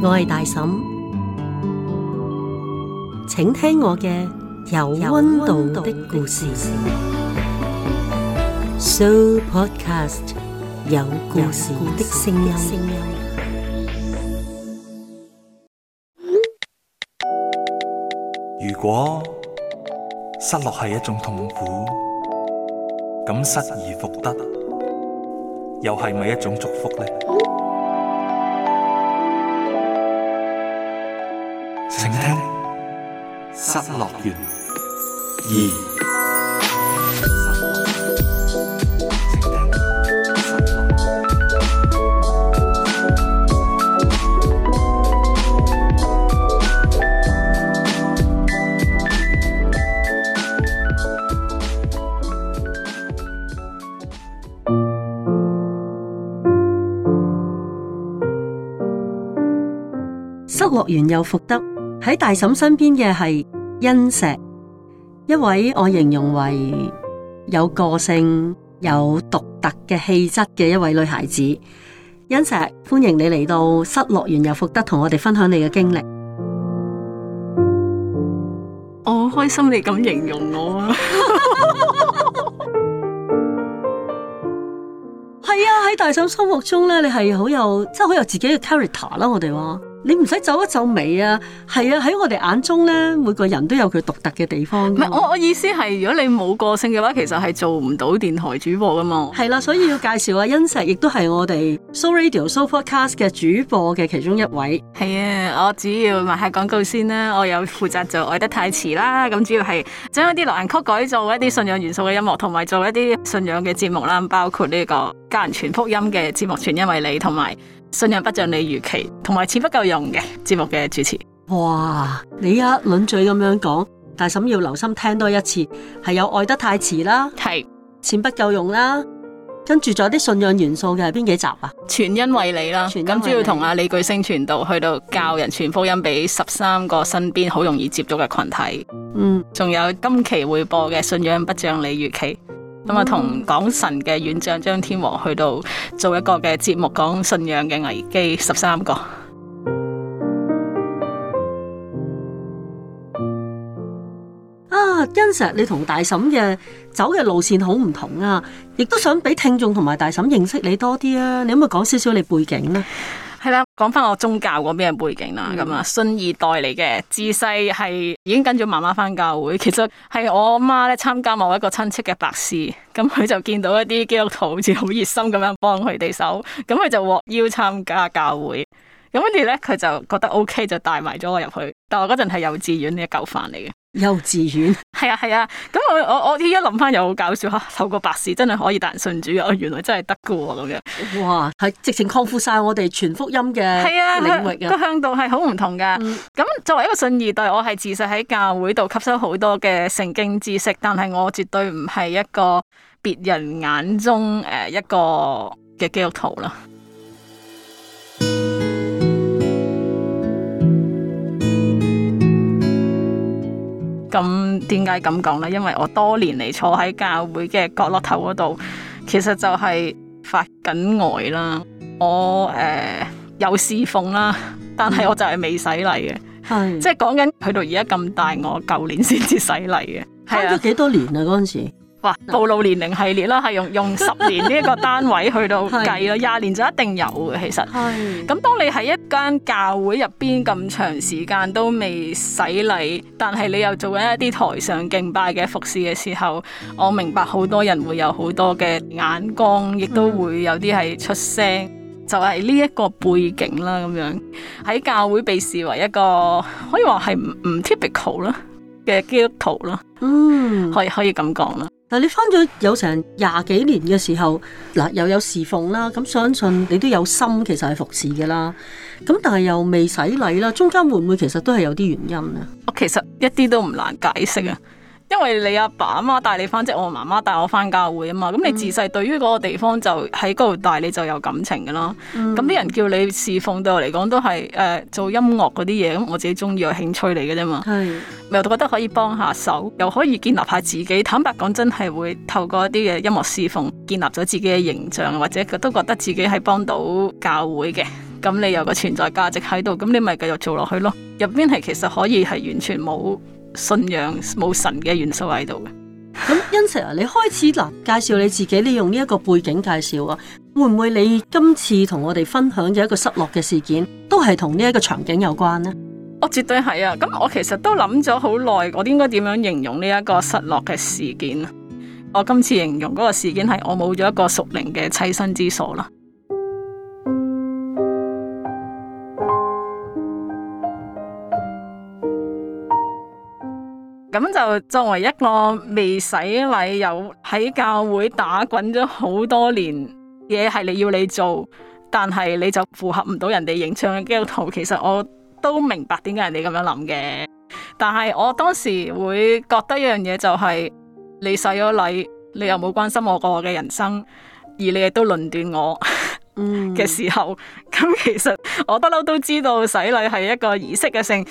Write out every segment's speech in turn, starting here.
我係大嬸，請聽我嘅有温度的故事。So Podcast 有故事的聲音。如果失落係一種痛苦，咁失而復得，又係咪一種祝福呢？請聽《失樂園二》。失樂園又復得，喺大嬸身邊嘅係欣石，一位我形容為有個性、有獨特嘅氣質嘅一位女孩子。欣石，歡迎你嚟到失樂園又復得，同我哋分享你嘅經歷。我好開心你咁形容我。係 啊，喺大嬸心目中咧，你係好有，即係好有自己嘅 character 啦，我哋話。你唔使皺一皺眉啊，係啊，喺我哋眼中呢，每個人都有佢獨特嘅地方。唔係，我我意思係，如果你冇個性嘅話，其實係做唔到電台主播噶嘛。係啦、啊，所以要介紹啊。欣石，亦都係我哋 So Radio、So Soul Podcast 嘅主播嘅其中一位。係啊，我主要賣下廣告先啦。我有負責做《愛得太遲》啦，咁主要係將一啲流行曲改做一啲信仰元素嘅音樂，同埋做一啲信仰嘅節目啦，包括呢個家人傳福音嘅節目《全因為你》，同埋。信仰不像你預期，同埋錢不夠用嘅節目嘅主持。哇，你一輪嘴咁樣講，大嬸要留心聽多一次，係有愛得太遲啦，係錢不夠用啦，跟住仲有啲信仰元素嘅係邊幾集啊？全因為你啦，咁主要同阿李巨星傳道去到教人傳福音俾十三個身邊好容易接觸嘅群體。嗯，仲有今期會播嘅信仰不像你預期。咁、嗯、啊，同港神嘅院長張天和去到做一個嘅節目，講信仰嘅危機十三個。啊，恩石，你同大嬸嘅走嘅路線好唔同啊！亦都想俾聽眾同埋大嬸認識你多啲啊！你可唔可以講少少你背景呢？係啦，講翻我宗教嗰邊嘅背景啦，咁、嗯、啊，信二代嚟嘅，自細係已經跟住媽媽翻教會。其實係我媽咧參加某一個親戚嘅白事，咁、嗯、佢就見到一啲基督徒好似好熱心咁樣幫佢哋手，咁、嗯、佢就獲邀參加教會。咁跟住咧，佢就覺得 OK，就帶埋咗我入去。但我嗰陣係幼稚園嘅舊飯嚟嘅。幼稚園係啊係啊，咁、啊、我我我依家諗翻又好搞笑吓，透、啊、過白事真係可以帶人信主啊！原來真係得噶咁樣哇，係直情擴闊晒我哋全福音嘅係啊領域啊，都向度係好唔同噶。咁、嗯、作為一個信二代，我係自細喺教會度吸收好多嘅聖經知識，但係我絕對唔係一個別人眼中誒一個嘅基督徒啦。咁點解咁講咧？因為我多年嚟坐喺教會嘅角落頭嗰度，其實就係發緊呆啦。我誒、呃、有侍奉啦，但係我就係未洗禮嘅，係，即係講緊去到而家咁大，我舊年先至洗禮嘅，開咗幾多年啊嗰陣時。哇！暴露年齡系列啦，係用用十年呢一個單位去到計啦，廿 年就一定有嘅。其實，咁當你喺一間教會入邊咁長時間都未洗禮，但係你又做緊一啲台上敬拜嘅服侍嘅時候，我明白好多人會有好多嘅眼光，亦都會有啲係出聲、嗯，就係呢一個背景啦。咁樣喺教會被視為一個可以話係唔唔 typical 啦嘅基督徒啦，嗯，可以可以咁講啦。但你翻咗有成廿幾年嘅時候，嗱，又有侍奉啦，咁相信你都有心，其實係服侍嘅啦。咁但係又未洗禮啦，中間會唔會其實都係有啲原因咧？我其實一啲都唔難解釋啊。嗯因為你阿爸阿媽帶你返，即係我媽媽帶我返教會啊嘛，咁你自細對於嗰個地方就喺嗰度大，你就有感情噶啦。咁、嗯、啲人叫你侍奉，對我嚟講都係、呃、做音樂嗰啲嘢，咁我自己中意嘅興趣嚟嘅啫嘛。係，又覺得可以幫下手，又可以建立下自己。坦白講，真係會透過一啲嘅音樂侍奉，建立咗自己嘅形象，或者佢都覺得自己係幫到教會嘅。咁你有個存在價值喺度，咁你咪繼續做落去咯。入邊係其實可以係完全冇。信仰冇神嘅元素喺度嘅。咁恩 Sir 啊，你開始嗱介紹你自己，你用呢一個背景介紹啊，會唔會你今次同我哋分享嘅一個失落嘅事件，都係同呢一個場景有關呢？我、哦、絕對係啊。咁我其實都諗咗好耐，我應該點樣形容呢一個失落嘅事件啊？我今次形容嗰個事件係我冇咗一個屬靈嘅棲身之所啦。咁就作為一個未洗禮又喺教會打滾咗好多年嘢，係你要你做，但係你就符合唔到人哋形象嘅基督徒，其實我都明白點解人哋咁樣諗嘅。但係我當時會覺得一樣嘢就係、是、你洗咗禮，你又冇關心我個我嘅人生，而你亦都論斷我嘅、嗯、時候，咁其實我不嬲都知道洗禮係一個儀式嘅性。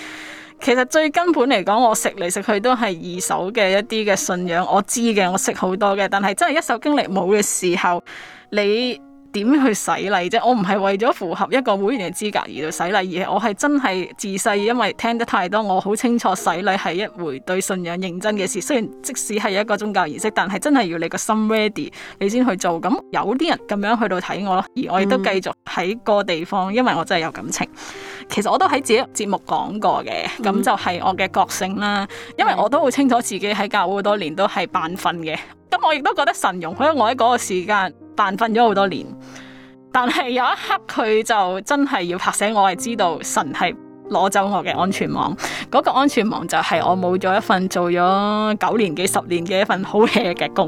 其實最根本嚟講，我食嚟食去都係二手嘅一啲嘅信仰，我知嘅，我識好多嘅，但係真係一手經歷冇嘅時候，你，點去洗禮啫？我唔係為咗符合一個會員嘅資格而去洗禮，而係我係真係自細因為聽得太多，我好清楚洗禮係一回對信仰認真嘅事。雖然即使係一個宗教儀式，但係真係要你個心 ready，你先去做。咁有啲人咁樣去到睇我咯，而我亦都繼續喺個地方，因為我真係有感情。其實我都喺自己節目講過嘅，咁就係我嘅覺性啦。因為我都好清楚自己喺教會多年都係扮瞓嘅，咁我亦都覺得神容許我喺嗰個時間。扮瞓咗好多年，但係有一刻佢就真係要拍醒我，係知道神係攞走我嘅安全網，嗰、嗰個安全網就係我冇咗一份做咗九年、幾十年嘅一份好嘢嘅工。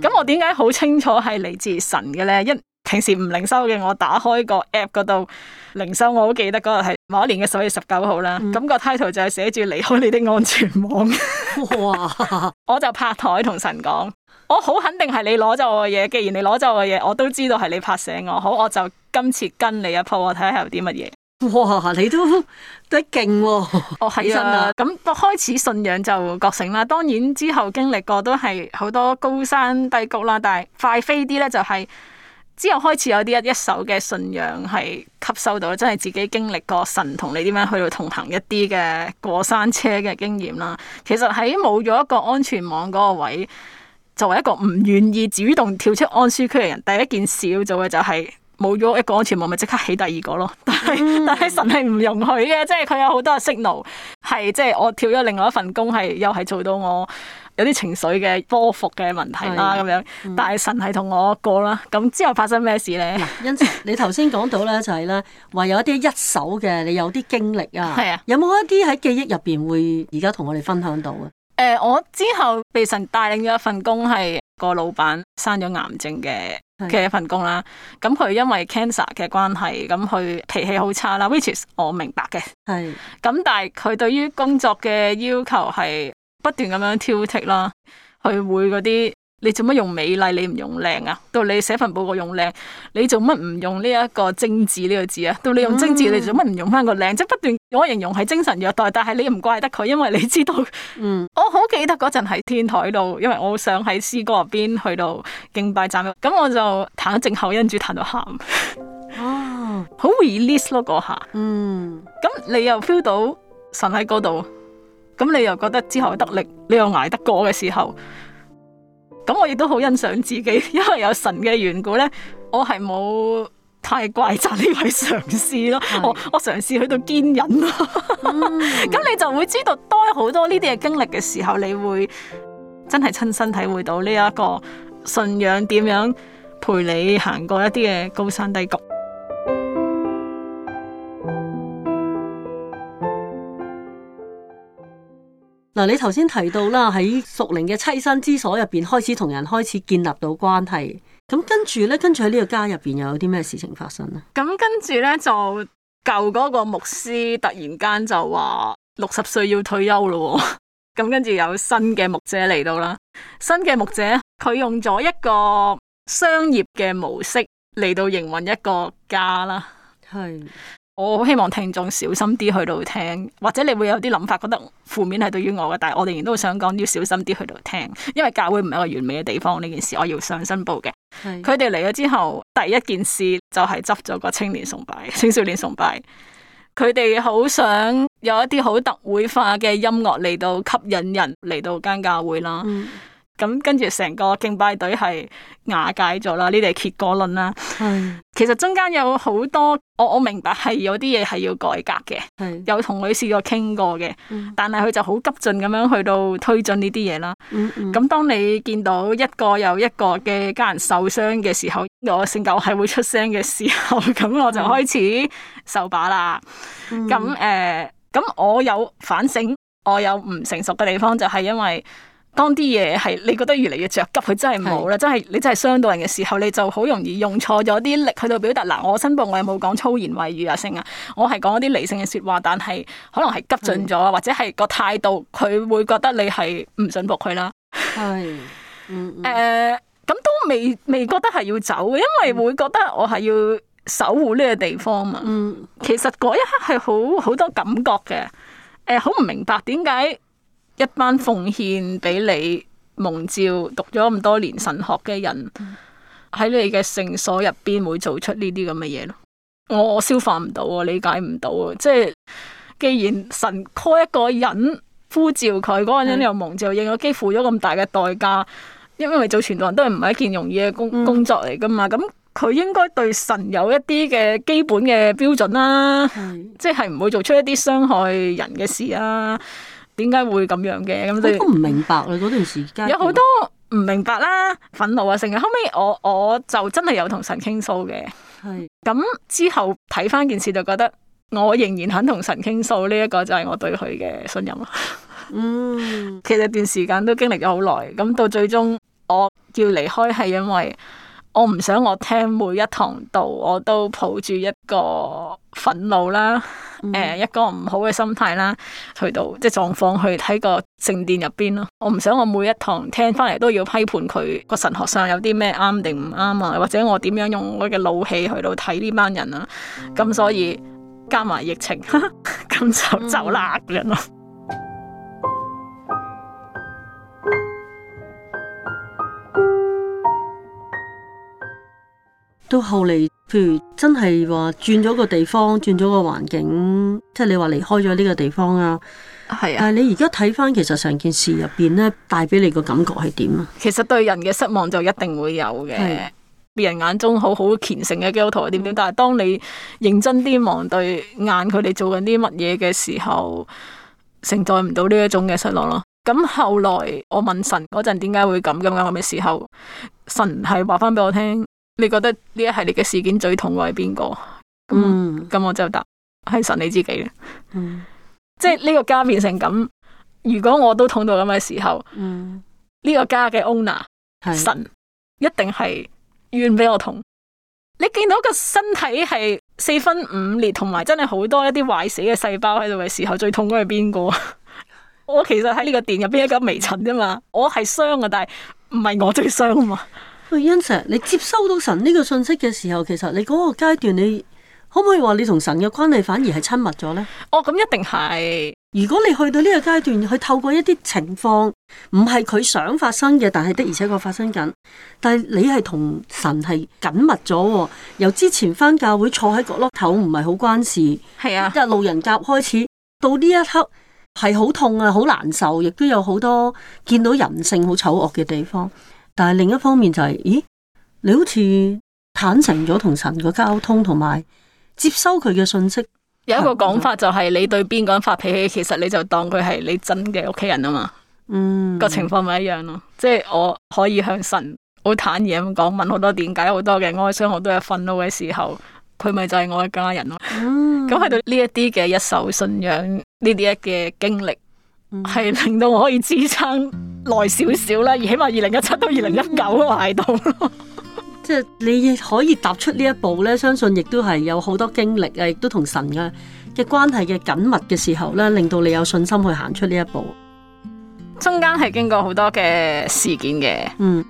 咁、嗯、我點解好清楚係嚟自神嘅呢？一平時唔靈修嘅我，打開個 app 嗰度靈修，我好記得嗰日係某一年嘅十月十九號啦。咁、個 title 就係寫住離開你的安全網。哇！ 我就拍台同神講，我好肯定係你攞咗我嘅嘢。既然你攞咗我嘅嘢，我都知道係你拍醒我。好，我就今次跟你一鋪，我睇下有啲乜嘢。哇！你都得勁喎！我、哦哦、起身啦。咁開始信仰就覺醒啦。當然之後經歷過都係好多高山低谷啦，但係快飛啲咧，就係、是。之後開始有啲一一手嘅信仰係吸收到，真係自己經歷過神同你點樣去到同行一啲嘅過山車嘅經驗啦。其實喺冇咗一個安全網嗰個位，作為一個唔願意主動跳出安舒區嘅人，第一件事要做嘅就係冇咗一個安全網，咪即刻起第二個咯。但係、mm. 但係神係唔容許嘅，即係佢有好多嘅 signal 係，即係我跳咗另外一份工，係又係做到我。有啲情緒嘅波幅嘅問題啦，咁樣，但係神係同我過啦。咁之後發生咩事咧？嗱，恩慈，你頭先講到咧，就係咧，話有一啲一手嘅，你有啲經歷啊，係啊，有冇一啲喺記憶入面會而家同我哋分享到啊、呃？我之後被神帶領咗一份工，係個老闆生咗癌症嘅嘅一份工啦。咁佢因為 cancer 嘅關係，咁佢脾氣好差啦，which is, 我明白嘅，係。咁但係佢對於工作嘅要求係，不斷咁樣挑剔啦，去會嗰啲你做乜用美麗，你唔用靚啊？到你寫份報告用靚，你做乜唔用呢一個精致呢個字啊？到你用精致，你做乜唔用翻個靚？即、嗯、係、就是、不斷，我形容係精神虐待，但係你唔怪得佢，因為你知道，嗯，我好記得嗰陣喺天台度，因為我想喺詩歌入邊去到敬拜站，咁我就彈正口音主彈到喊，哦，好 release 咯嗰下，嗯，咁你又 feel 到神喺嗰度。咁你又覺得之後得力，你又挨得過嘅時候，咁我亦都好欣賞自己，因為有神嘅緣故呢，我係冇太怪責呢位嘗試咯。我我嘗試去到堅忍咯，咁、嗯、 你就會知道多好多呢啲嘅經歷嘅時候，你會真係親身體會到呢一個信仰點樣陪你行過一啲嘅高山低谷。嗱，你頭先提到啦，喺淑玲嘅棲身之所入邊開始同人開始建立到關係，咁跟住呢，跟住喺呢個家入邊又有啲咩事情發生呢？咁跟住呢，就舊嗰個牧師突然間就話六十歲要退休咯，哦，咁跟住有新嘅牧者嚟到啦，新嘅牧者佢用咗一個商業嘅模式嚟到營運一個家啦，係。我好希望聽眾小心啲去到聽，或者你會有啲諗法，覺得負面係對於我嘅，但係我仍然都會想講要小心啲去到聽，因為教會唔係一個完美嘅地方。呢件事我要上申報嘅。佢哋嚟咗之後，第一件事就係執咗個青年崇拜，青少年崇拜，佢哋好想有一啲好特會化嘅音樂嚟到吸引人嚟到間教會啦。嗯咁跟住成個敬拜隊係瓦解咗啦，呢啲係結果論啦。係其實中間有好多，我我明白係有啲嘢係要改革嘅，有同女士試過傾過嘅，嗯，但係佢就好急進咁樣去到推進呢啲嘢啦。咁、嗯嗯、當你見到一個又一個嘅家人受傷嘅時候，我性格係會出聲嘅時候，咁我就開始受把啦。咁、嗯、誒、咁、呃、我有反省，我有唔成熟嘅地方，就係因為。當啲嘢係你覺得越嚟越着急，佢真係冇啦，真係你真係傷到人嘅時候，你就好容易用錯咗啲力去到表達。嗱，我申報我有冇講粗言穢語啊？盛啊，我係講一啲理性嘅説話，但係可能係急進咗，或者係個態度，佢會覺得你係唔準服佢啦。係，嗯咁、嗯呃、都未未覺得係要走，因為會覺得我係要守護呢個地方嘛。嗯、其實嗰一刻係好好多感覺嘅，誒、呃，好唔明白點解。一班奉獻俾你蒙召讀咗咁多年神學嘅人，喺你嘅聖所入邊會做出呢啲咁嘅嘢咯？我消化唔到，啊，理解唔到啊！即係既然神 call 一個人呼召佢嗰陣，人又蒙召，已經幾乎咗咁大嘅代價，因為做傳道人都係唔係一件容易嘅工、嗯、工作嚟噶嘛？咁佢應該對神有一啲嘅基本嘅標準啦、啊嗯，即係唔會做出一啲傷害人嘅事啊！點解會咁樣嘅？咁都唔明白啊！嗰段時間有好多唔明白啦，憤怒啊，成日後尾，我我就真係有同神傾訴嘅，係咁之後睇翻件事就覺得我仍然肯同神傾訴呢一個就係我對佢嘅信任咯。嗯， 其實這段時間都經歷咗好耐，咁到最終我要離開係因為我唔想我聽每一堂道我都抱住一個憤怒啦。誒、 呃、一個唔好嘅心態啦，去到即係狀況去睇個聖殿入邊咯。我唔想我每一堂聽翻嚟都要批判佢個神學上有啲咩啱定唔啱啊，或者我點樣用我嘅腦氣去到睇呢班人啊。咁所以加埋疫情，咁 就就難嘅咯。 到後嚟，譬如真係話轉咗個地方，轉咗個環境，即係你話離開咗呢個地方啊，係啊。但係你而家睇翻，其實成件事入邊咧，帶俾你個感覺係點啊？其實對人嘅失望就一定會有嘅。別、啊、人眼中好好虔誠嘅基督徒點點、嗯，但係當你認真啲望對眼佢哋做緊啲乜嘢嘅時候，承載唔到呢一種嘅失落咯。咁後來我問神嗰陣，點解會咁咁咁嘅時候，時候神係話翻俾我聽。你覺得呢一系列嘅事件最痛嘅係邊個？咁、嗯、咁、嗯、我就答係神你自己啦、嗯。即係呢個家變成咁，如果我都痛到咁嘅時候，呢、嗯這個家嘅 owner 神是一定係遠比我痛。你見到個身體係四分五裂，同埋真係好多一啲壞死嘅細胞喺度嘅時候，最痛嘅係邊個？ 我其實喺呢個殿入邊一個微塵啫嘛，我係傷啊，但係唔係我最傷啊嘛。喂，殷 Sir，你接收到神呢個信息嘅時候，其實你嗰個階段，你可唔可以話你同神嘅關係反而係親密咗呢？哦，咁一定係。如果你去到呢個階段，去透過一啲情況，唔係佢想發生嘅，但係的而且確發生緊。但係你係同神係緊密咗。由之前翻教會坐喺角落頭唔係好關事，係啊，即係路人甲開始，到呢一刻係好痛啊，好難受，亦都有好多見到人性好醜惡嘅地方。但係另一方面就係、是，咦，你好似坦誠咗同神嘅溝通，同埋接收佢嘅信息。有一個講法就係，你對邊個人發脾氣，其實你就當佢係你真嘅屋企人啊嘛。嗯，個情況咪一樣咯。即係我可以向神好坦然咁講，問好多點解，好多嘅哀傷，好多嘅憤怒嘅時候，佢咪就係我一家人咯。咁喺度呢一啲嘅一手信仰呢啲一嘅經歷，係令到我可以支撐、嗯。耐少少啦，而起碼二零一七到二零一九都喺度。 即係你可以踏出呢一步咧，相信亦都係有好多經歷，亦都同神嘅嘅關係嘅緊密嘅時候咧，令到你有信心去行出呢一步。中間係經過好多嘅事件嘅，嗯，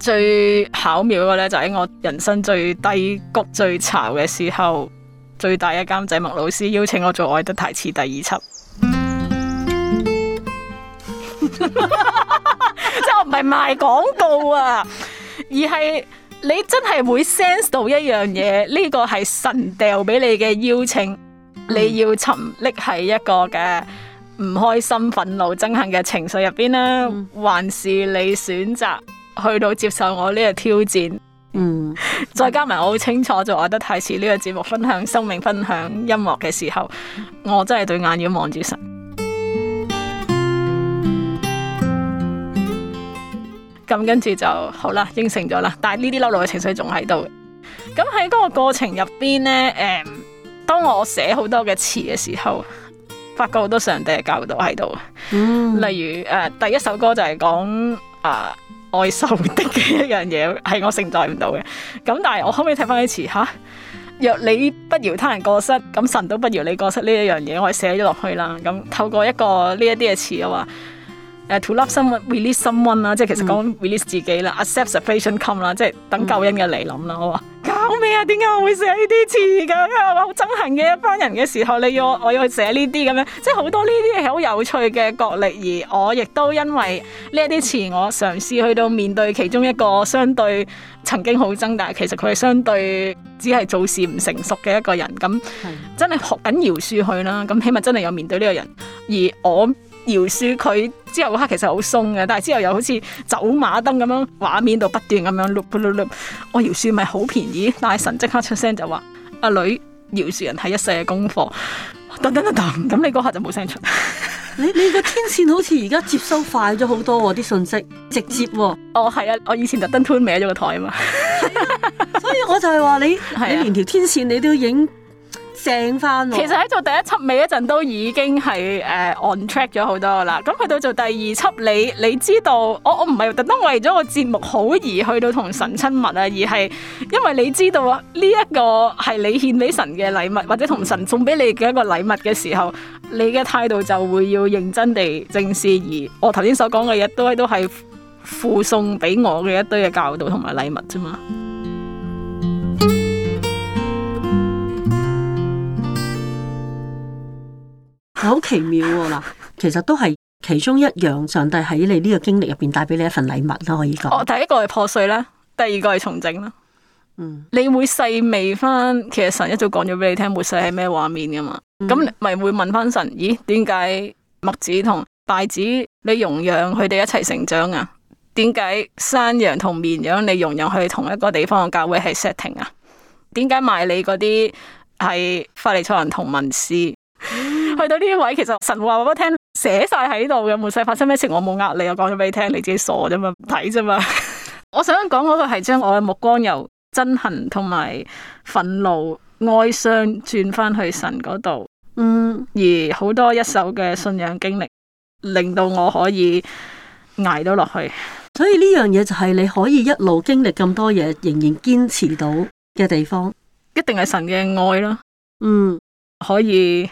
最巧妙嗰個咧就喺我人生最低谷、最潮嘅時候，最大嘅監製麥老師邀請我做《愛的台詞》第二輯。 即係我唔係賣廣告啊？ 而係你真係會 sense 到一樣嘢，呢個係神掉俾你嘅邀請，嗯，你要沉溺喺一個嘅唔開心、憤怒、憎恨嘅情緒入邊啦，嗯，還是你選擇去到接受我呢個挑戰？嗯， 再加埋我好清楚就話得太遲呢個節目分享生命、分享音樂嘅時候，嗯，我真係對眼要望住神。咁跟住就好啦，應承咗啦。但係呢啲嬲嬲嘅情緒仲喺度。咁喺嗰個過程入邊呢，誒，當我寫好多嘅詞嘅時候，發覺好多上帝嘅教導喺度、嗯。例如誒、呃，第一首歌就係講啊、呃，愛受的嘅一樣嘢係我承載唔到嘅。咁但係我可唔可以睇翻啲詞嚇、啊，若你不饒他人過失，咁神都不饒你過失呢一樣嘢，我係寫咗落去啦。咁透過一個呢一啲嘅詞嘅話。誒、uh,，to love someone, release someone 啦、mm -hmm.，即係其實講 release 自己啦，accept the pain come 啦，即係等救恩嘅嚟臨啦。Mm -hmm. 我話：，搞咩啊？點解我會寫呢啲詞㗎？因為我好憎恨嘅一班人嘅時候，你要我，我要去寫呢啲咁樣，即係好多呢啲係好有趣嘅角力。而我亦都因為呢一啲詞，我嘗試去到面對其中一個相對曾經好憎，但係其實佢係相對只係做事唔成熟嘅一個人。咁真係學緊饒恕去啦。咁起碼真係有面對呢個人，而我。饒恕佢之後嗰刻其實好鬆嘅，但係之後又好似走馬燈咁樣畫面度不斷咁樣碌碌碌，我饒恕咪好便宜，但係神即刻出聲就話：阿女饒恕人係一世嘅功課。噔噔噔噔，噔，咁你嗰刻就冇聲出。你你個天線好似而家接收快咗好多喎、哦，啲信息直接哦、嗯。哦，係啊，我以前特登推歪咗個台嘛 啊嘛，所以我就係話你、啊，你連條天線你都影。正翻、啊，其實喺做第一輯尾一陣都已經係誒、uh, on track 咗好多啦。咁去到做第二輯，你你知道，我我唔係特登為咗個節目好而去到同神親密啊，而係因為你知道啊，呢一個係你獻俾神嘅禮物，或者同神送俾你嘅一個禮物嘅時候，你嘅態度就會要認真地正視。而我頭先所講嘅嘢，都都係附送俾我嘅一堆嘅教導同埋禮物啫嘛。好奇妙喎！嗱，其實都係其中一樣，上帝喺你呢個經歷入邊帶俾你一份禮物都可以講。哦，第一個係破碎啦，第二個係重整啦。嗯，你會細味翻，其實神一早講咗俾你聽末世係咩畫面噶嘛？咁、嗯、咪會問翻神：咦，點解麥子同稗子你容讓佢哋一齊成長啊？點解山羊同綿羊你容讓去同一個地方嘅教會係 setting 啊？點解賣你嗰啲係法利賽人同文士？去到呢位，其實神話我，我聽寫晒喺度有無論發生咩情我冇呃你，我講咗俾你聽，你自己傻啫嘛，睇啫嘛。 我想講嗰個係將我嘅目光由憎恨同埋憤怒、哀傷轉翻去神嗰度，嗯，而好多一手嘅信仰經歷，令到我可以捱到落去。所以呢樣嘢就係你可以一路經歷咁多嘢，仍然堅持到嘅地方，一定係神嘅愛咯。嗯，可以。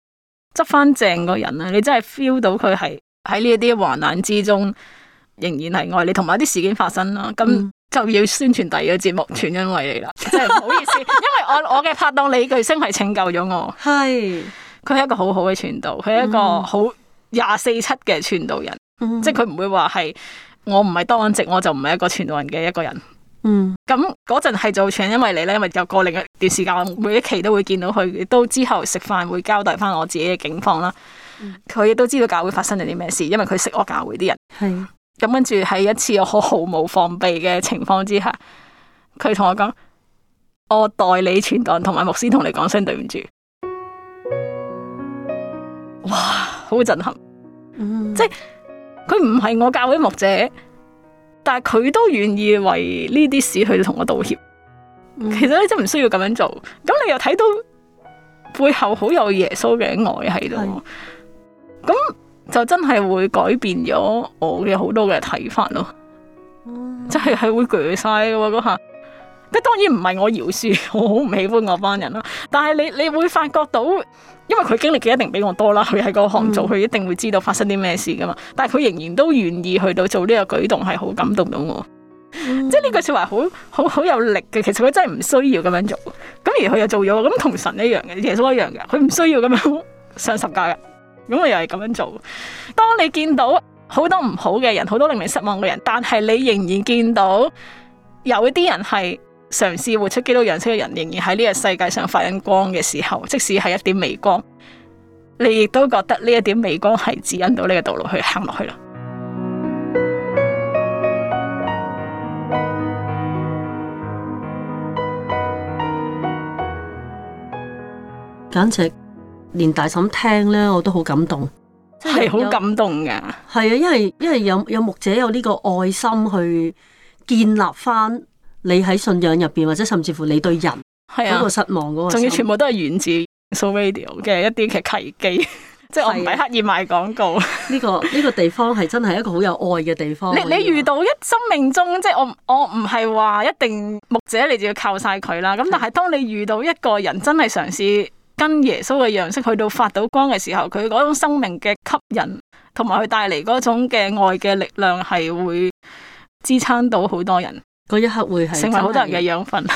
執翻正個人啊，你真係 feel 到佢係喺呢一啲患難之中，仍然係愛你，同埋啲事件發生啦，咁就要宣傳第二個節目，全因為你啦， 真係唔好意思，因為我我嘅拍檔李巨星係拯救咗我，係佢係一個好好嘅傳道，佢係一個好廿四七嘅傳道人， 即係佢唔會話係我唔係當值，我就唔係一個傳道人嘅一個人。嗯，咁嗰陣係做傳，因為你咧，因為又過另一段時間，每一期都會見到佢，亦都之後食飯會交代翻我自己嘅境況啦。佢亦都知道教會發生咗啲咩事，因為佢識我教會啲人。係咁跟住喺一次我好毫無防備嘅情況之下，佢同我講：我代理傳道同埋牧師同你講聲對唔住。哇，好震撼！嗯、即係佢唔係我教會牧者。但係佢都願意為呢啲事去同我道歉，其實你真唔需要咁樣做。咁你又睇到背後好有耶穌嘅愛喺度，咁就真係會改變咗我嘅好多嘅睇法咯。即係係會鋸晒嘅喎嗰下。咁當然唔係我饒恕，我好唔喜歡我班人啦。但係你你會發覺到，因為佢經歷嘅一定比我多啦，佢喺個行做，佢一定會知道發生啲咩事噶嘛。Mm. 但係佢仍然都願意去到做呢個舉動，係好感動到我。Mm. 即係呢句說話好好好有力嘅。其實佢真係唔需要咁樣做，咁而佢又做咗。咁同神一樣嘅，耶穌一樣嘅。佢唔需要咁樣上十架嘅，咁佢又係咁樣做。當你見到好多唔好嘅人，好多令你失望嘅人，但係你仍然見到有啲人係。嘗試活出基督樣式嘅人，仍然喺呢個世界上發緊光嘅時候，即使係一點微光，你亦都覺得呢一點微光係指引到呢個道路去行落去啦。簡直連大嬸聽咧，我都好感動，真係好感動噶，係啊，因為因為有有牧者有呢個愛心去建立翻。你喺信仰入邊，或者甚至乎你對人係啊，個失望的個、啊，仲要全部都係源自 So Radio 嘅一啲嘅契機，即係、啊、 我唔係刻意賣廣告。呢、這個呢、這個地方係真係一個好有愛嘅地方。你你遇到一生命中，即 係我我唔係話一定牧者，你就要靠晒佢啦。咁但係當你遇到一個人真係嘗試跟耶穌嘅樣式去到發到光嘅時候，佢嗰種生命嘅吸引，同埋佢帶嚟嗰種嘅愛嘅力量，係會支撐到好多人。嗰一刻會係成為好多人嘅養分，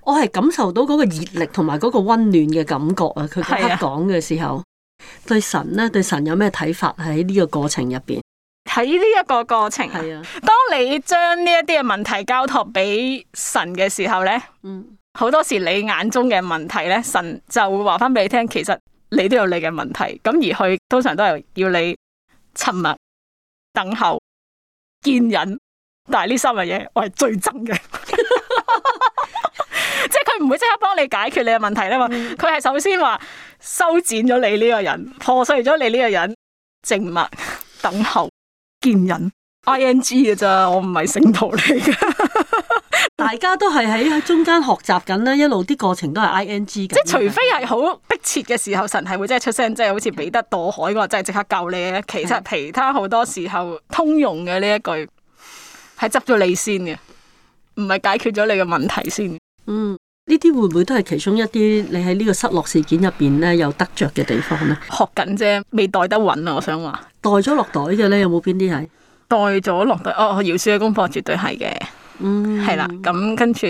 我係感受到嗰個熱力同埋嗰個溫暖嘅感覺啊！佢嗰刻講嘅時候，啊、對神咧，對神有咩睇法？喺呢個過程入邊，喺呢一個過程，係啊！當你將呢一啲嘅問題交託俾神嘅時候咧，嗯，好多時候你眼中嘅問題咧，神就會話翻俾你聽，其實你都有你嘅問題，咁而去通常都係要你沉默、等候、堅忍。但係呢三樣嘢，我係最憎嘅，即係佢唔會即刻幫你解決你嘅問題啦嘛。佢、嗯、係首先話修剪咗你呢個人，破碎咗你呢個人，靜默等候，堅忍。ing 嘅咋。我唔係聖徒嚟嘅。大家都係喺中間學習緊啦，一路啲過程都係 ing 嘅。即係除非係好迫切嘅時候，神係會聲、就是、好像得海真係出聲，即係好似彼得墮海嗰個，真係即刻救你。其實其他好多時候通用嘅呢一句。係執咗你先嘅，唔係解決咗你嘅問題先。嗯，呢啲會唔會都係其中一啲你喺呢個失落事件入邊咧，有得着嘅地方咧？學緊啫，未袋得穩啊！我想話袋咗落袋嘅咧，有冇邊啲係袋咗落袋？哦，饒恕嘅功課絕對係嘅。嗯，係啦。咁跟住，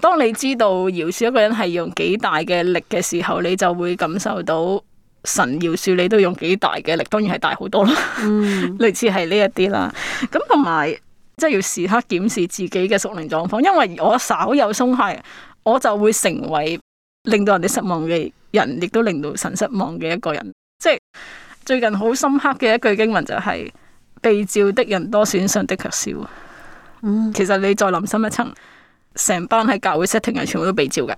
當你知道饒恕一個人係用幾大嘅力嘅時候，你就會感受到神饒恕你都用幾大嘅力，當然係大好多囉。嗯， 類似係呢一啲啦。咁同埋。即係要時刻檢視自己嘅屬靈狀況，因為我稍有鬆懈，我就會成為令到人哋失望嘅人，亦都令到神失望嘅一個人。即係最近好深刻嘅一句經文就係、是、被召的人多，選上的卻少。嗯，其實你再諗深一層，成班喺教會 setting 嘅全部都被召嘅，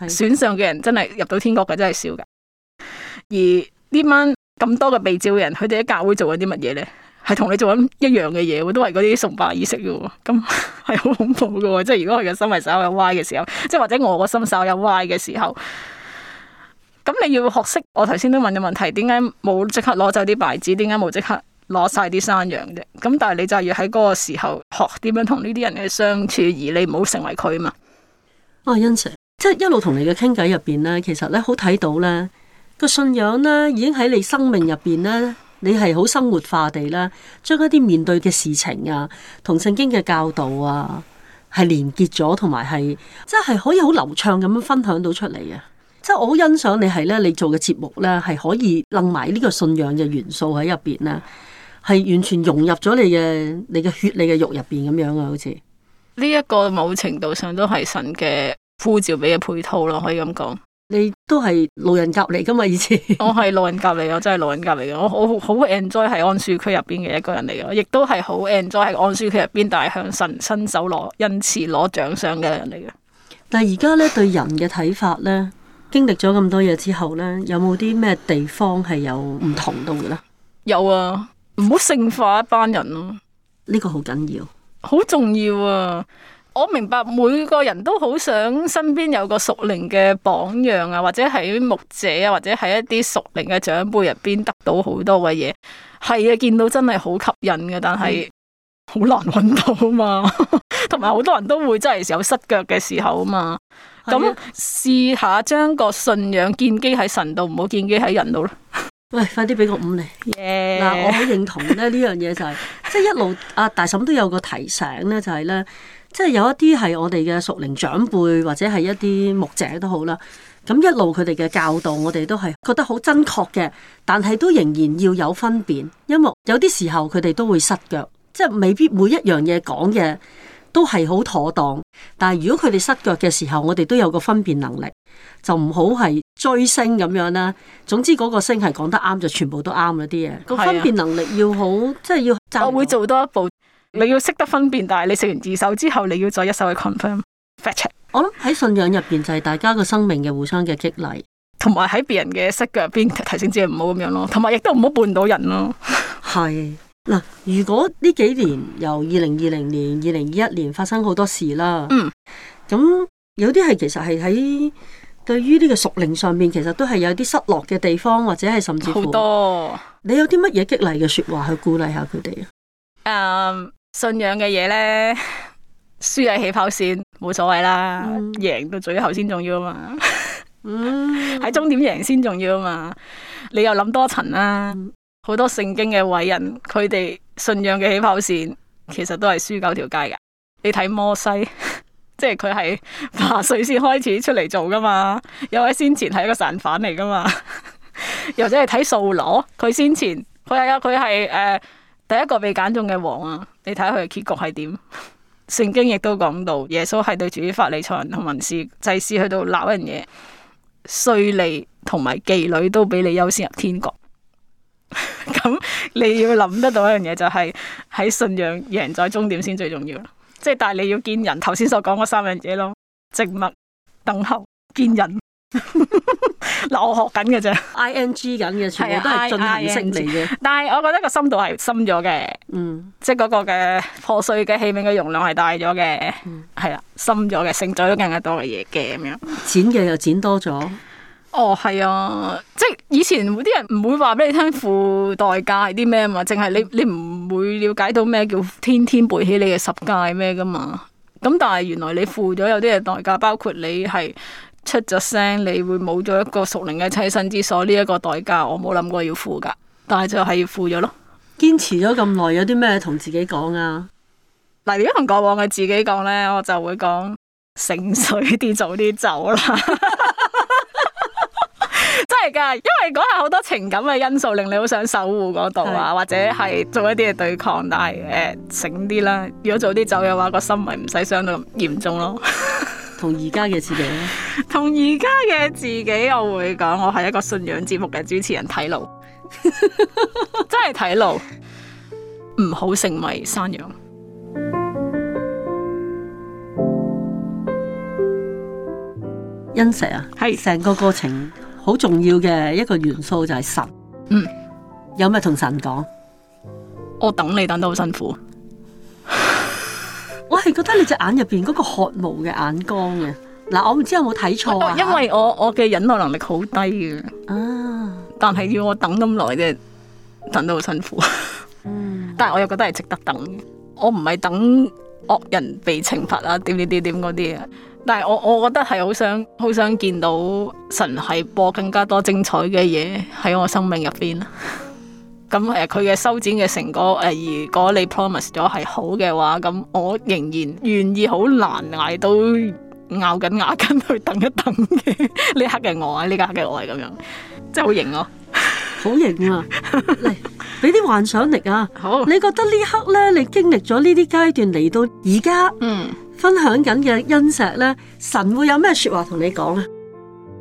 選上嘅人真係入到天國嘅真係少嘅。而呢班咁多嘅被召的人，佢哋喺教會做緊啲乜嘢呢？係同你做緊一樣嘅嘢，都係嗰啲崇拜意識嘅，咁係好恐怖嘅。即係如果佢嘅心稍有歪嘅時候，即係或者我個心稍有歪嘅時候，咁你要學識。我頭先都問咗問題，點解冇即刻攞走啲牌子，點解冇即刻攞晒啲山羊啫？咁但係你就要喺嗰個時候學點樣同呢啲人去相處，而你唔好成為佢嘛。啊，Ence，即係一路同你嘅傾偈入邊咧，其實咧好睇到咧個信仰咧已經喺你生命入邊咧。你係好生活化地咧，將一啲面對嘅事情啊，同聖經嘅教導啊，係連結咗，同埋係真係可以好流暢咁樣分享到出嚟嘅。即係我好欣賞你係咧，你做嘅節目咧係可以冧埋呢個信仰嘅元素喺入邊咧，係完全融入咗你嘅你嘅血、你嘅肉入邊咁樣啊，好似呢一個某程度上都係神嘅呼召俾你配套咯，可以咁講。你都係路人甲嚟噶嘛？以前是 我係路人甲嚟，我真係路人甲嚟嘅。我好好 enjoy 喺安舒區入邊嘅一個人嚟嘅，亦都係好 enjoy 喺安舒區入邊，但係向神伸手攞恩賜攞獎賞嘅人嚟嘅。但係而家咧對人嘅睇法咧，經歷咗咁多嘢之後咧，有冇啲咩地方係有唔同到嘅咧？有啊，唔好聖化一班人咯、啊，呢、呢個好緊要，好重要啊！我明白，每個人都好想身邊有個熟齡嘅榜樣啊，或者喺牧者啊，或者喺一啲熟齡嘅長輩入邊得到好多嘅嘢。係啊，見到真係好吸引嘅，但係好難揾到啊嘛。同埋好多人都會真係有失腳嘅時候啊嘛。咁試下將個信仰建基喺神度，唔好建基喺人度咯。喂， 快啲俾個五嚟！嗱、yeah. 我好認同咧呢樣嘢就係、是，即、就、係、是、一路阿大嬸都有個提醒咧、就是，就係咧。即係有一啲係我哋嘅熟齡長輩或者係一啲牧者都好啦，咁一路佢哋嘅教導我哋都係覺得好真確嘅，但係都仍然要有分辨，因為有啲時候佢哋都會失腳，即係未必每一樣嘢講嘅都係好妥當，但係如果佢哋失腳嘅時候，我哋都有個分辨能力，就唔好係追星咁樣啦。總之嗰個星係講得啱就全部都啱咗啲嘢，個分辨能力要好，啊、即係要我會做多一步。你要識得分辨，但係你食完二手之後，你要再一手去 confirm。我諗喺信仰入邊就係、是、大家個生命嘅互相嘅激勵，同埋喺別人嘅膝腳入邊提醒自己唔好咁樣咯，同埋亦都唔好絆到人咯。係嗱，如果呢幾年由二零二零年、二零二一年發生好多事啦，嗯，咁有啲係其實係喺對於呢個屬靈上面，其實都係有啲失落嘅地方，或者係甚至好多。你有啲乜嘢激勵嘅說話去鼓勵下佢哋啊？Um, 信仰嘅嘢呢，輸喺起跑線冇所謂啦，贏、mm. 到最後先重要啊嘛，喺 終點贏先重要啊嘛。你又諗多層啦，好多聖經嘅偉人，佢哋信仰嘅起跑線其實都係輸九條街噶你睇摩西，即係佢係八歲先開始出嚟做噶嘛又 喺先前係一個神煩嚟噶嘛又或者係睇掃羅，佢先前佢有佢係誒。他是他是呃第一個被揀中嘅王啊，你睇下佢嘅結局係點？聖經亦都講到耶穌係對住啲法利賽人同文士祭司去到鬧人嘢，稅吏同埋妓女都俾你優先入天國。咁 你要諗得到一樣嘢就係、是、喺信仰贏在終點先最重要，即係但係你要見人。頭先所講嗰三樣嘢咯，靜默、等候、見人。 嗱，我學緊嘅啫，I N G 緊嘅全部都係進行式嚟嘅，啊、但係我覺得個深度係深咗嘅，嗯，即係嗰個嘅破碎嘅器皿嘅容量係大咗嘅，係、嗯、啦、啊，深咗嘅，剩咗都更加多嘅嘢嘅咁樣，剪嘅又剪多咗，哦，係啊，即係以前啲人唔會話俾你聽付代價係啲咩啊嘛，淨係你你唔會了解到咩叫天天背起你嘅十戒咩噶嘛，咁但係原來你付咗有啲嘅代價，包括你係。出咗聲，你會冇咗一個熟齡嘅棲身之所，呢一個代價我冇諗過要付噶，但係就係要付咗咯。堅持咗咁耐，有啲咩同自己講啊？嗱，如果同過往嘅自己講呢，我就會講醒水啲，早啲走啦。 真係噶，因為嗰係好多情感嘅因素令你好想守護嗰度啊，或者係做一啲嘅對抗，但係誒醒啲啦，如果早啲走嘅話，個心咪唔使傷到咁嚴重咯。同而家嘅自己，同而家嘅自己，我會講我係一個信仰節目嘅主持人，睇路， 真係睇路，唔好成為山羊。殷 Sir 啊，係成個過程好重要嘅一個元素就係神。嗯，有咩同神講？我等你等得好辛苦。我係覺得你隻眼入邊嗰個渴慕嘅眼光嘅、啊，嗱我唔知有冇睇錯，因為我我嘅忍耐能力好低嘅，啊，但係要我等咁耐啫，等得好辛苦， 嗯、但係我又覺得係值得等，我唔係等惡人被懲罰啊，點點點點嗰啲啊，但係我我覺得係好想好想見到神係播更加多精彩嘅嘢喺我生命入邊。咁誒，佢嘅修剪嘅成果誒、呃，如果你 promise 咗係好嘅話，咁我仍然願意，好難挨到咬緊牙根去等一等嘅。呢 刻嘅我啊，呢刻嘅我係咁樣，真係好型咯，哦，好型啊！嚟俾啲幻想力啊！好，你覺得一刻呢刻咧，你經歷咗呢啲階段嚟到而家，嗯，分享緊嘅恩石咧，神會有咩說話同你講啊？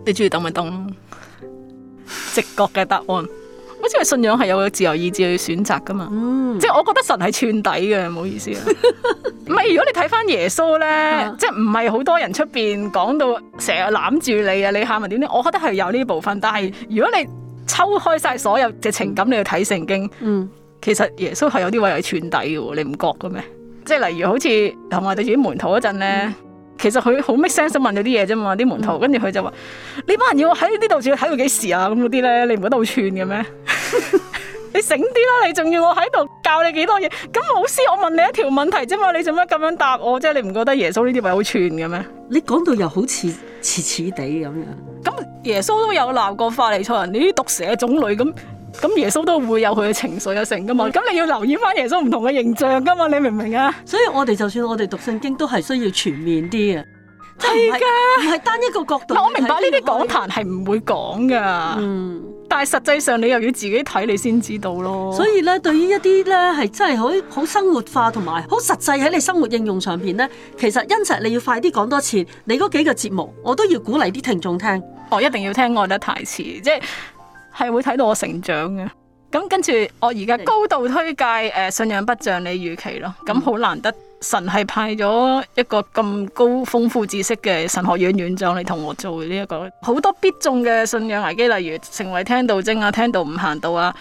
你中意動咪動，直覺嘅答案。 好似係信仰係有個自由意志去選擇噶嘛，嗯、即係我覺得神係串底嘅，唔好意思啊。唔 係如果你睇翻耶穌咧、啊，即係唔係好多人出邊講到成日攬住你啊，你喊咪點咧？我覺得係有呢部分，但係如果你抽開晒所有嘅情感，你去睇聖經、嗯，其實耶穌係有啲位係串底嘅，你唔覺嘅咩？即係例如好似同埋對住啲門徒嗰陣咧，其實佢好咩聲咁問咗啲嘢啫嘛，啲門徒跟住佢就話、嗯：你班人要喺呢度住，睇到幾時啊？咁嗰啲咧，你唔覺得好串嘅咩？嗯 你醒啲啦！你仲要我喺度教你幾多嘢？咁老師，我問你一條問題啫嘛，你做咩咁樣答我啫？你唔覺得耶穌呢啲咪好串嘅咩？你講到又好似似似地咁樣。咁耶穌都有鬧過法利賽人，你啲毒蛇種類咁，咁耶穌都會有佢嘅情緒有成噶嘛？咁你要留意返耶穌唔同嘅形象噶嘛？你明唔明啊？所以我哋就算我哋讀聖經都係需要全面啲啊！係噶，唔係單一個角度。我明白呢啲講壇係唔會講噶，嗯，但係實際上你又要自己睇，你先知道咯。所以咧，對於一啲咧係真係好好生活化，同埋好實際喺你生活應用上邊咧，其實恩石你要快啲講多一次，你嗰幾個節目，我都要鼓勵啲聽眾聽，我一定要聽愛得台詞，即係係會睇到我成長嘅。咁跟住我而家高度推介誒、呃，信仰不像你預期咯，咁、嗯、好難得。神係派咗一個咁高豐富知識嘅神學院院長嚟同我做呢一個好多必中嘅信仰危機，例如成為聽道精啊，聽道唔行道啊，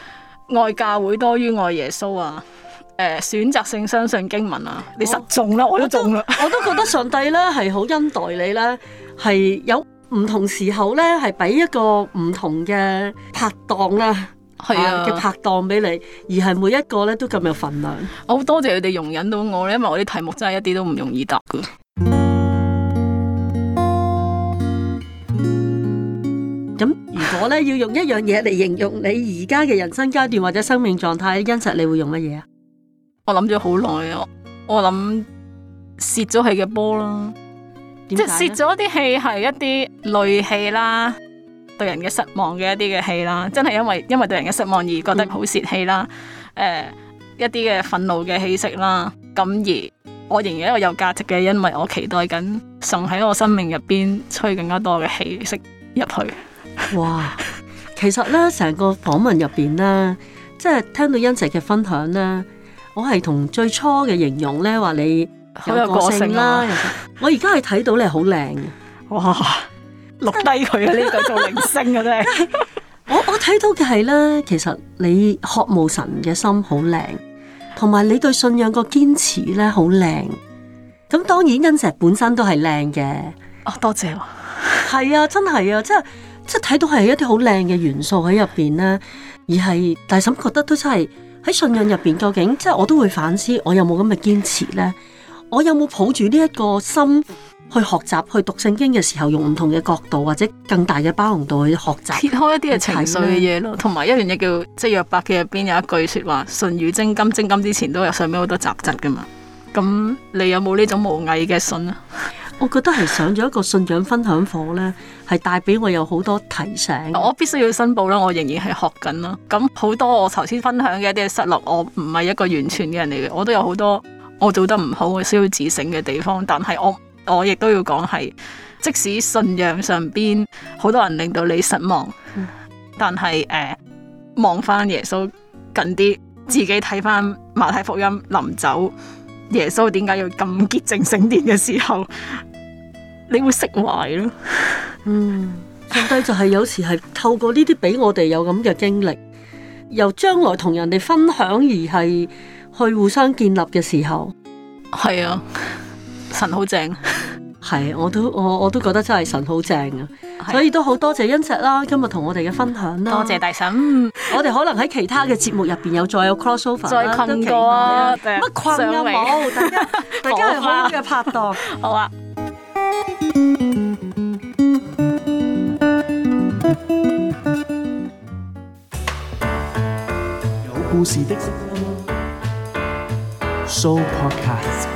愛教會多於愛耶穌啊，誒選擇性相信經文啊，你實中啦，我都中啦，我都覺得上帝咧係好恩待你咧，係有唔同時候咧係俾一個唔同嘅拍檔啦。係啊，嘅拍檔俾你，而係每一個咧都咁有份量。我好多謝佢哋容忍到我，因為我啲題目真係一啲都唔容易答噶。咁 如果咧要用一樣嘢嚟形容你而家嘅人生階段或者生命狀態，因實你會用乜嘢啊？我諗咗好耐啊，我諗泄咗氣嘅波啦。即係泄咗啲氣係一啲淚氣啦。對人嘅失望嘅一啲嘅氣啦，真係因為因為對人嘅失望而覺得好泄氣啦，誒、嗯呃、一啲嘅憤怒嘅氣息啦，咁而我仍然一個有價值嘅，因為我期待緊，送喺我生命入邊吹更加多嘅氣息入去。哇，其實呢，成個訪問入邊咧，即係聽到恩石嘅分享咧，我係同最初嘅形容呢話你好有個性啦，我而家係睇到你好靚哇！錄低佢啊！呢度做明星啊，真係！我我睇到嘅係咧，其實你渴慕神嘅心好靚，同埋你對信仰個堅持咧好靚。咁當然，恩石本身都係靚嘅。哦，多謝。係 啊，真係啊，即係即係睇到係一啲好靚嘅元素喺入邊啦。而係大嬸覺得都真係喺信仰入邊，究竟即係我都會反思，我有冇咁嘅堅持咧？我有冇抱住呢一個心？去學習去讀聖經嘅時候，用唔同嘅角度或者更大嘅包容度去學習，撇開一啲嘅情緒嘅嘢咯。同埋一樣嘢叫即《約伯記》嘅入邊有一句說話：信如精金，精金之前都有上面好多雜質噶嘛。咁你有冇呢種無畏嘅信啊？我覺得係上咗一個信仰分享課咧，係帶俾我有好多提醒。 我必須要申報啦，我仍然係學緊啦。咁好多我頭先分享嘅一啲失落，我唔係一個完全嘅人嚟嘅，我都有好多我做得唔好，我需要自省嘅地方。但係我。我亦都要講係，即使信仰上邊好多人令到你失望，嗯、但係誒望翻耶穌近啲，自己睇翻馬太福音臨走耶穌點解要咁潔淨聖殿嘅時候，你會釋懷咯。嗯，上帝就係有時係透過呢啲俾我哋有咁嘅經歷，由將來同人哋分享而係去互相建立嘅時候，係啊。神好正，係 我都我我都覺得真係神好正啊，啊！所以都好多謝欣石啦，今日同我哋嘅分享啦，多謝大神， 我哋可能喺其他嘅節目入邊有再有 cross over 再困過乜、啊、困啊冇，大家大家好嘅拍檔，好啊。有故事的 Show podcast。